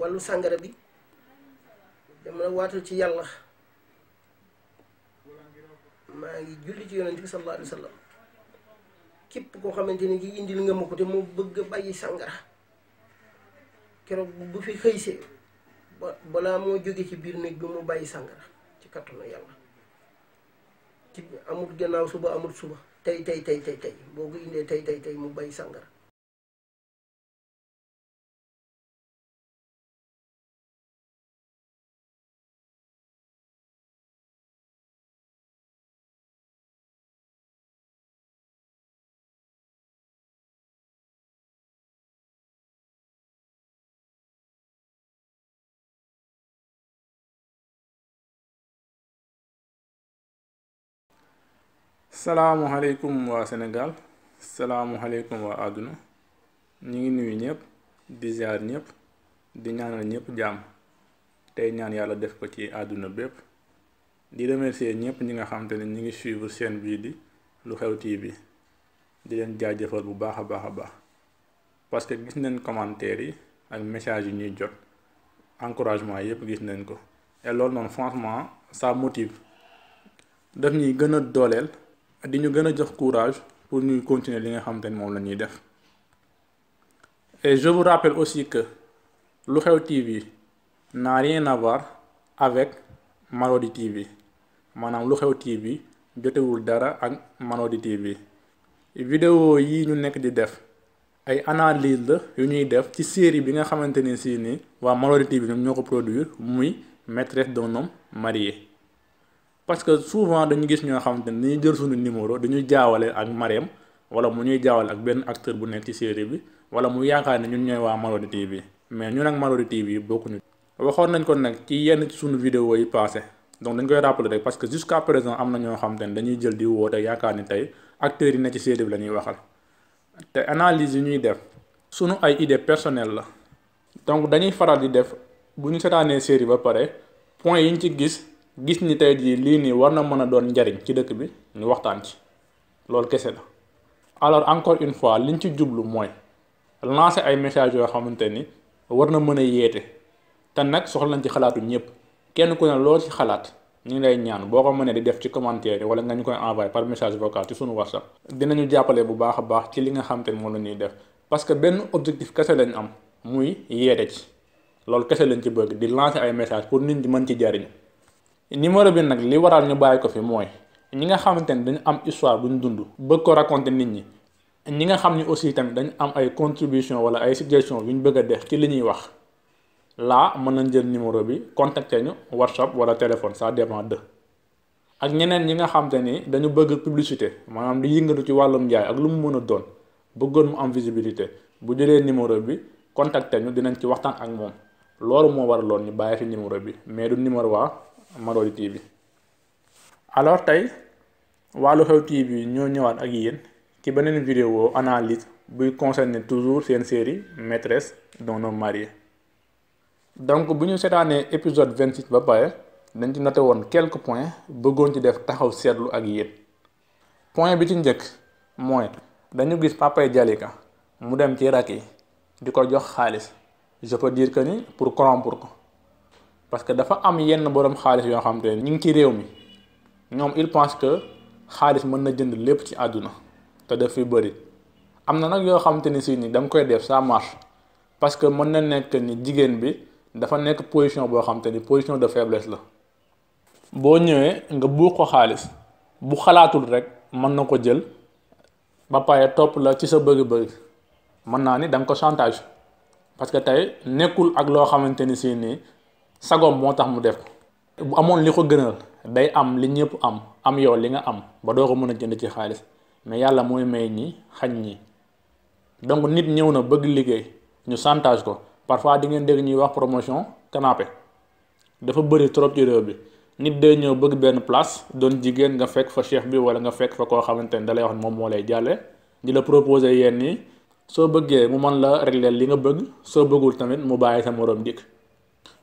wàllu sàngara bi dama waatal ci yàlla maa ngi julli ci yonent bi sallallahu alayhi wa sallam képp koo xamante ni ki li nga ma ko te mu bëgg bàyyi sàngara keroog bu fi xëysee ba balaa moo jóge ci biir néeg bi mu bàyyi sàngara ci kattanu yàlla ci amul gannaaw suba amul suba tey tey tey tey tey boo ko indee tey tey tey mu bàyyi sàngara salaamualeykum waa Sénégal salaamualeykum waa àdduna ñu ngi nuyu ñëpp di ziar ñëpp di ñaanal ñëpp jàmm tey ñaan yàlla def ko ci àdduna bépp di remercier ñëpp ñi nga xam te ne ñu ngi suivre seen bii di lu xew TV di leen jaajëfal bu baax a baax a baax parce que gis nañ commentaires yi ak messages yi ñuy jot encouragement yëpp gis nañ ko et loolu noonu franchement ça motive daf ñuy gën a dooleel di ñu gën a jox courage pour ñuy continuer li nga xamante ni moom la ñuy def et je vous aussi que lu xew TV n'a rien à voir avec Marodi TV maanaam lu xew TV jotewul dara ak Marodi TV vidéo yi ñu nekk di def ay analyse la yu ñuy def ci série bi nga xamante ni si nii waa Marodi TV ñoom ñoo ko produire muy maîtresse d'un homme marié parce que souvent dañu gis ñoo xamante ni ñu jël suñu numéro ñuy jaawale ak Marème wala mu ñuy jaawale ak benn acteur bu nekk ci série bi wala mu yaakaar ne ñun ñooy waa Marodi TV mais ñun ak Marodi TV bokkuñu. waxoon nañ ko nag ci yenn ci suñu vidéo yi passé donc dañ koy rappeler rek parce que jusqu'à présent am na ñoo xamante ne dañuy jël di woote yaakaar ni tey acteurs yi nekk ci série bi la ñuy waxal te analyse yi ñuy def suñu ay idée personnelle la donc dañuy faral di def bu ñu seetaanee série ba pare point yi ñu ci gis. gis ni tey jii lii nii war na mën a doon njariñ ci dëkk bi ñu waxtaan ci loolu kese la alors encore une fois liñ ci jublu mooy lancer ay messages yoo xamante ni war na mën a yeete te nag soxla nañ ci xalaatu ñëpp kenn ku ne loo ci xalaat ñu ngi lay ñaan boo ko mënee di def ci commentaire yi wala nga ñu koy envoyé par message vocal ci sunu whatsapp dinañu jàppale bu baax baax ci li nga xamante ni moom la ñuy def parce que benn objectif kese lañ am muy yeete ci loolu kese lañ ci bëgg di lancer ay messages pour nit ñi mën ci jariñ numéro bi nag li waral ñu bàyyi ko fi mooy ñi nga xamante ni dañu am histoire bu ñu dund bëgg ko raconter nit ñi ñi nga xam ni aussi tamit dañu am ay contribution wala ay suggestion yu ñu bëgg a def ci li ñuy wax laa mën nañ jël numéro bi contacter ñu WhatsApp wala téléphone ça dépend de ak ñeneen ñi nga xamante ni dañu bëgg publicité maanaam di yëngatu ci wàllum njaay ak lu mu mën a doon bëggoon mu am visibilité bu jëlee numéro bi contacter ñu dinañ ci waxtaan ak moom loolu moo waraloon ñu bàyyi fi numéro bi mais numéro waa Marodi TV alors tey wàllu xew TV ñoo ñëwaat ak yéen ci beneen vidéo analyse buy concerner toujours seen série maîtresse d'un homme donc bu ñu seetaanee épisode vingt six ba pare dañ ci note woon quelques points bëggoon ci def taxaw seetlu ak yéen point bi ci njëkk mooy dañu gis papay Jalika mu dem ci rak yi di ko jox xaalis je diir dire que ni pour corrompre ko. parce que dafa am yenn borom xaalis yoo xam ne ñu ngi ci réew mi ñoom il pense que xaalis mën na jënd lépp ci àdduna te def fi bëri am na nag yoo xam te ni si ni da koy def ça marche parce que mën na nekk ni jigéen bi dafa nekk position boo xam te ni position de faiblesse la. boo ñëwee nga buux ko xaalis bu xalaatul rek mën na ko jël ba pare topp la ci sa bëgg mën naa ni da nga ko chantage parce que tey nekkul ak loo xamante ni si nii. sagoom moo tax mu def ko bu amoon li ko gënal day am li ñëpp am am yow li nga am ba doo ko mën a jënd ci xaalis mais yàlla mooy may ñi xañ ñi donc nit ñëw na bëgg liggéey ñu chantage ko parfois di ngeen dégg ñuy wax promotion canapé dafa bëri trop ci réew bi nit day ñëw bëgg benn place doon jigéen nga fekk fa chef bi wala nga fekk fa koo xamante ne dalay lay wax moom moo lay jàlle di la proposer yenn yi soo bëggee mu mën la régler li nga bëgg soo bëggul tamit mu bàyyi sa moroom dikk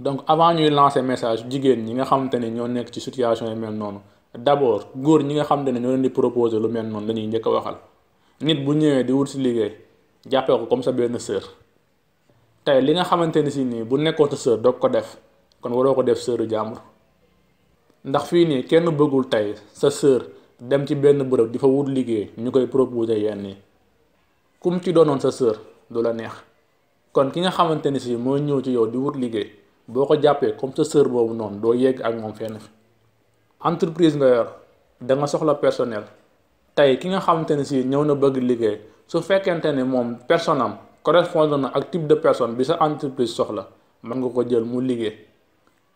donc avant ñuy lancer message jigéen ñi nga xamante ne ñoo nekk ci situation yi mel noonu d'abord góor ñi nga xamante ne ñoo leen di proposer lu mel noonu dañuy njëkk a waxal nit bu ñëwee di wut si liggéey jàppee ko comme sa benn sœur tey li nga xamante ne si nii bu nekkoon sa sœur doog ko def kon waroo ko def sœuru jàmbur ndax fii nii kenn bëggul tey sa sœur dem ci benn bërëb di fa wut liggéey ñu koy proposer yenn yi kum ci doonoon sa sœur du la neex kon ki nga xamante ne si mooy ñëw ci yow di liggéey. boo ko jàppee comme sa sœur boobu noonu doo yegg ak moom fenn entreprise nga yor da soxla personnel tey ki nga xamante ne si ñëw na bëgg liggéey su fekkente ne moom personne am correspondant na ak type de personne bi sa entreprise soxla mën nga ko jël mu liggéey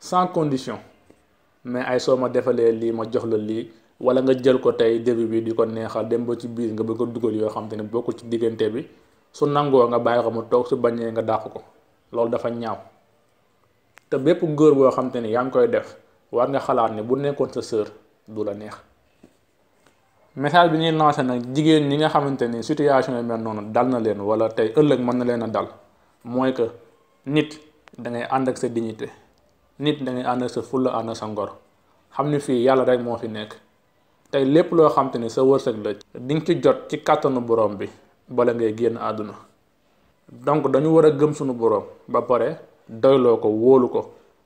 sans condition mais ay soo ma defalee lii ma jox la lii wala nga jël ko tey début bi di ko neexal dem ba ci biir nga bëgg dugal yoo xamante ne bokkul ci diggante bi su nangoo nga bàyyi ko mu toog su bañee nga dàq ko loolu dafa ñaaw. te bépp góor boo xam ni yaa ngi koy def war nga xalaat ne bu nekkoon sa sœur du la neex message bi ñuy lancé nag jigéen ñi nga xamante ni situation yi mel noonu dal na leen wala tey ëllëg mën na leen a dal mooy que nit dangay ànd ak sa dignité nit da ngay ànd ak sa fulla ànd ak sa ngor xam ni fii yàlla rek moo fi nekk tey lépp loo xam ni sa wërsëg la di nga ci jot ci kàttanu borom bi bala ngay génn àdduna donc dañu war a gëm sunu borom ba pare. doyloo ko wóolu ko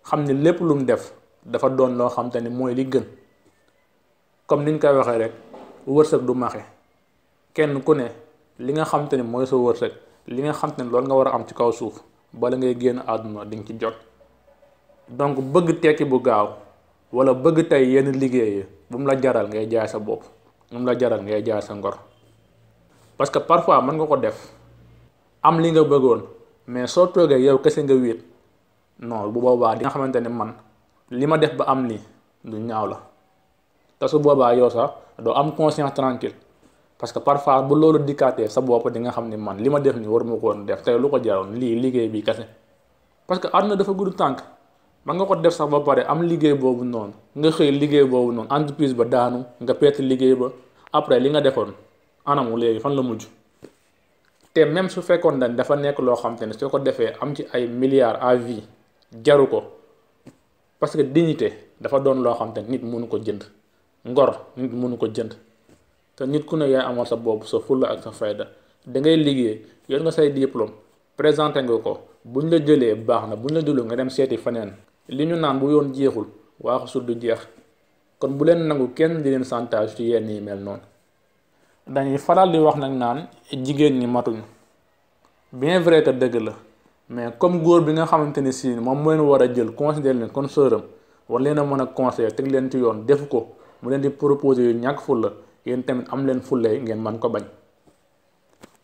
xam ni lépp lum def dafa doon loo xam te mooy li gën comme nga koy waxee rek wërsëg du maxe kenn ku ne li nga xam te mooy sa wërsëg li nga xam te ni loolu nga war a am ci kaw suuf bala ngay génn àdduna di nga ci jot donc bëgg tekki bu gaaw wala bëgg tey yenn liggéey yi bu mu la jaral ngay jaay sa bopp bu mu la jaral ngay jaay sa ngor parce que parfois mën nga ko def am li nga bëggoon. mais soo toogee yow kese nga wéet non bu boobaa di nga xamante ne man li ma def ba am lii lu ñaaw la te su boobaa yow sax doo am conscience tranquille parce que parfois bu loolu dikkaatee sa bopp di nga xam ne man li ma def nii war ma ko woon def tey lu ko jaroon lii liggéey bi kese parce que àdduna dafa gudd tànk man nga ko def sax ba pare am liggéey boobu noonu nga xëy liggéey boobu noonu entreprise ba daanu nga perte liggéey ba après li nga defoon anamu léegi fan la mujj. te même su fekkoon dañ dafa nekk loo xam te ne soo ko defee am ci ay milliards à vie jaru ko parce que dignité dafa doon loo xam te nit mënu ko jënd ngor nit mënu ko jënd te nit ku ne yaay amal sa bopp sa fulla ak sa fayda da ngay liggéey yor nga say diplôme présenté nga ko buñ la jëlee baax na buñ la jëlu nga dem seeti faneen li ñu naan bu yoon jeexul waaxu suddu jeex kon bu leen nangu kenn di leen chantage ci yenn mel noonu dañuy faral di wax nag naan jigéen ñi matuñ bien vrai que dëgg la mais comme góor bi nga xamante ni si moom moo leen war a jël considéré leen kon sëram war leen a mën a conseiller teg leen ci yoon def ko mu leen di proposer yu ñàkk fulla yéen tamit am leen fullee ngeen man ko bañ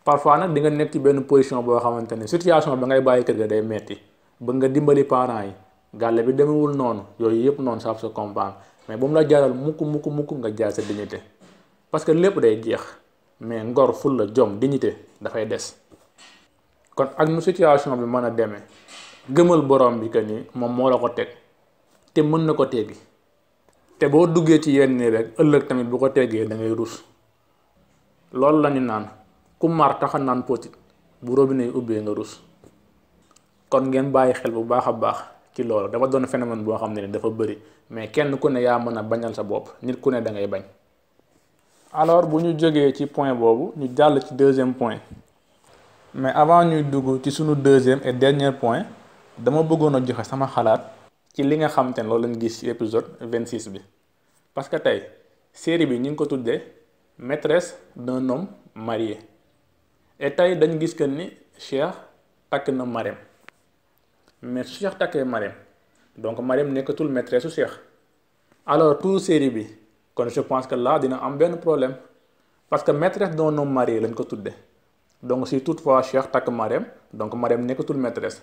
parfois nag di nga nekk ci benn position boo xamante ni situation ba ngay bàyyi kër ga day metti bëgg nga dimbali parent yi gàlle bi demewul noonu yooyu yëpp noonu saaf sa comprendre mais bu mu la mukk mukk mukk nga jaay sa dignité parce que lépp day jeex mais ngor fulla jom dignité dafay des kon ak nu situation bi mën a demee gëmal borom bi que ni moom moo la ko teg te mën na ko teggi te boo duggee ci yenn nii rek ëllëg tamit bu ko teggee da ngay rus loolu lañu naan ku mar taxa naan potit bu robinet yi ubbee nga rus kon ngeen bàyyi xel bu baax a baax ci loolu dafa doon phénomène boo xam ne dafa bëri mais kenn ku ne yaa mën a bañal sa bopp nit ku ne dangay bañ. alors bu ñu jógee ci point boobu ñu jàll ci deuxième point mais avant ñuy dugg ci suñu deuxième et dernier point dama bëggoon a joxe sama xalaat ci li nga xam te ne loolu lañ gis ci épisode vingt six bi parce que tey série bi ñu ngi ko tuddee maîtresse d'un homme marié et tey dañ gis que ni Cheikh takk na Marème mais su Cheikh takkee Marème donc Marème nekkatul maîtresse su Cheikh alors tout série bi. kon je pense que laa dina am benn problème parce que maîtresse d'un homme marié lañ ko tuddee donc si toutefois Cheikh takk Marème donc Marème nekkatul maîtresse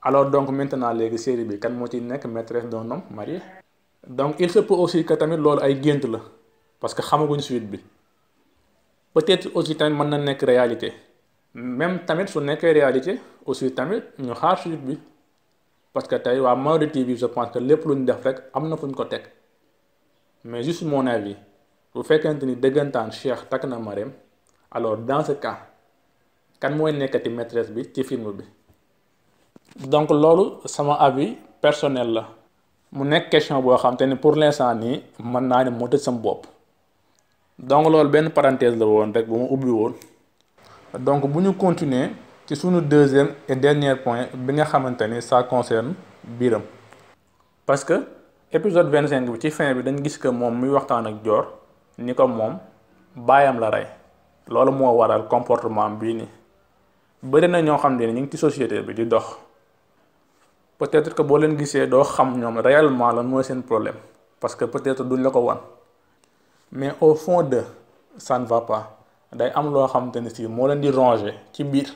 alors donc maintenant léegi série bi kan moo ci nekk maîtresse d'un homme marié donc il se peut aussi que tamit loolu ay gént la parce que xamaguñ suite bi peut-être aussi tamit mën na nekk réalité même tamit su nekkee réalité aussi tamit ñu xaar suite bi parce que tey waa Marodi TV je pense que lépp lu ñu def rek am na fu ko teg mais juste mon avis bu fekkente ni dëggantaan Cheikh takk na Marème alors dans ce cas kan mooy nekkati maîtresse bi ci film bi. donc loolu sama avis personnel la. mu nekk question boo xam te ni pour l'instant nii mën naa ne moo tëj sama bopp. donc loolu benn parenthèse la woon rek bu ma ubbi woon. donc bu ñu continuer ci suñu deuxième et dernier point bi nga xamante ni ça concerne Biram parce que. épisode vingt cinq bi ci fin bi dañ gis que moom muy waxtaan ak joor ni ko moom baayam la rey loolu moo waral comportement bii nii bëri na ñoo xam ni ñu ngi ci société bi di dox peut-être que boo leen gisee doo xam ñoom réellement lan mooy seen problème parce que peut-être duñ la ko wan mais au fond de ça vapa day am loo xamante ne si moo leen di ronger ci biir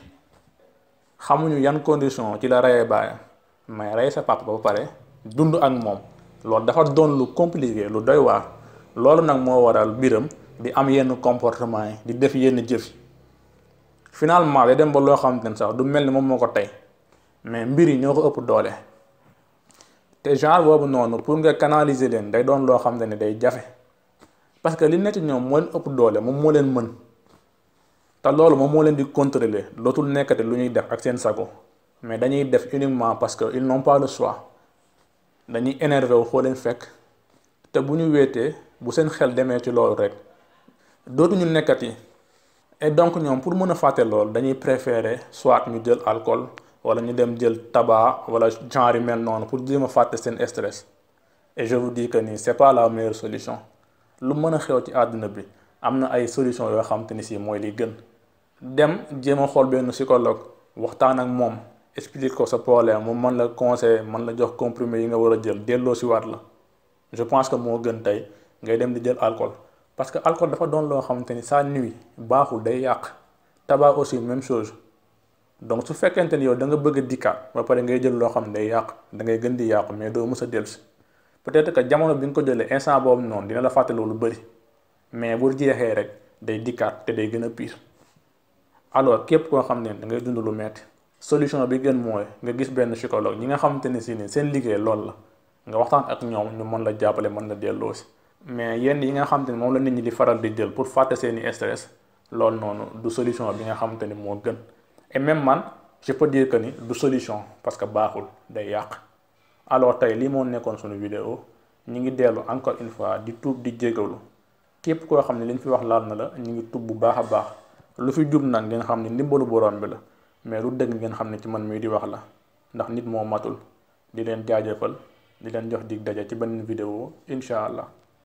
xamuñu yan condition ci la reyee baayam mais rey sa papa ba pare dund ak moom. loolu dafa doon lu compliqué lu doy waa loolu nag moo waral biram di am yenn comportement yi di def yenn jëf finalement day dem ba loo xamante ne sax du mel ni moom moo ko tey mais mbir yi ñoo ko ëpp doole te genre boobu noonu pour nga canaliser leen day doon loo xamante ne day jafe parce que li nekk ñoom moo leen ëpp doole moom moo leen mën te loolu moom moo leen di contrôler dootul nekkati lu ñuy def ak seen sago mais dañuy def uniquement parce que ils n'ont pas le dañuy énervé wu foo leen fekk te bu ñu wéetee bu seen xel demee ci loolu rek dootuñu nekkat yi et donc ñoom pour mën a fàtte lool dañuy préférer soit ñu jël alcool wala ñu dem jël tabac wala genre yu mel noonu pour jéem a fàtte seen stress et je vous dis que nii c'est pas la meilleure solution lu mën a xew ci àdduna bi am na ay solution yoo xam te ni si mooy li gën dem jéem a xool benn psychologue waxtaan ak moom. explique ko sa problème moom man la conseiller man la jox comprimé yi nga war a jël delloo si waat la je pense que moo gën tey ngay dem di jël alcool parce que alcool dafa doon loo xamante ni ça nuit baaxul day yàq tabac aussi même chose donc su fekkente ni yow da nga bëgg dikkaat ba pare ngay jël loo xam ne day yàq da ngay gën di yàqu mais doo mës a si peut-être que jamono bi nga ko dellee instant boobu noonu dina la fàtte loolu bëri mais bu jeexee rek day dikkaat te day gën a pire képp koo xam ne da ngay dund lu metti solution bi gën mooy nga gis benn psychologue ñi nga xamante ne si ni seen liggéey loolu la nga waxtaan ak ñoom ñu mën la jàppale mën la delloo si mais yenn yi nga xamante ni moom la nit ñi di faral di jël pour fàtte seen i stress loolu noonu du solution bi nga xamante ni moo gën et même man je peux dire que ni du solution parce que baaxul day yàq alors tey lii moo nekkoon suñu vidéo ñi ngi dellu encore une di tuub di jégalu képp koo xam ne liñ fi wax laal na la ñu ngi tuub bu baax a baax lu fi jub nag ngeen xam ne ndimbalu borom bi la mais lu dëgg ngeen xam ne ci man mii di wax la ndax nit moo matul di leen jaajëfal di leen jox dig daje ci benn vidéo incha allah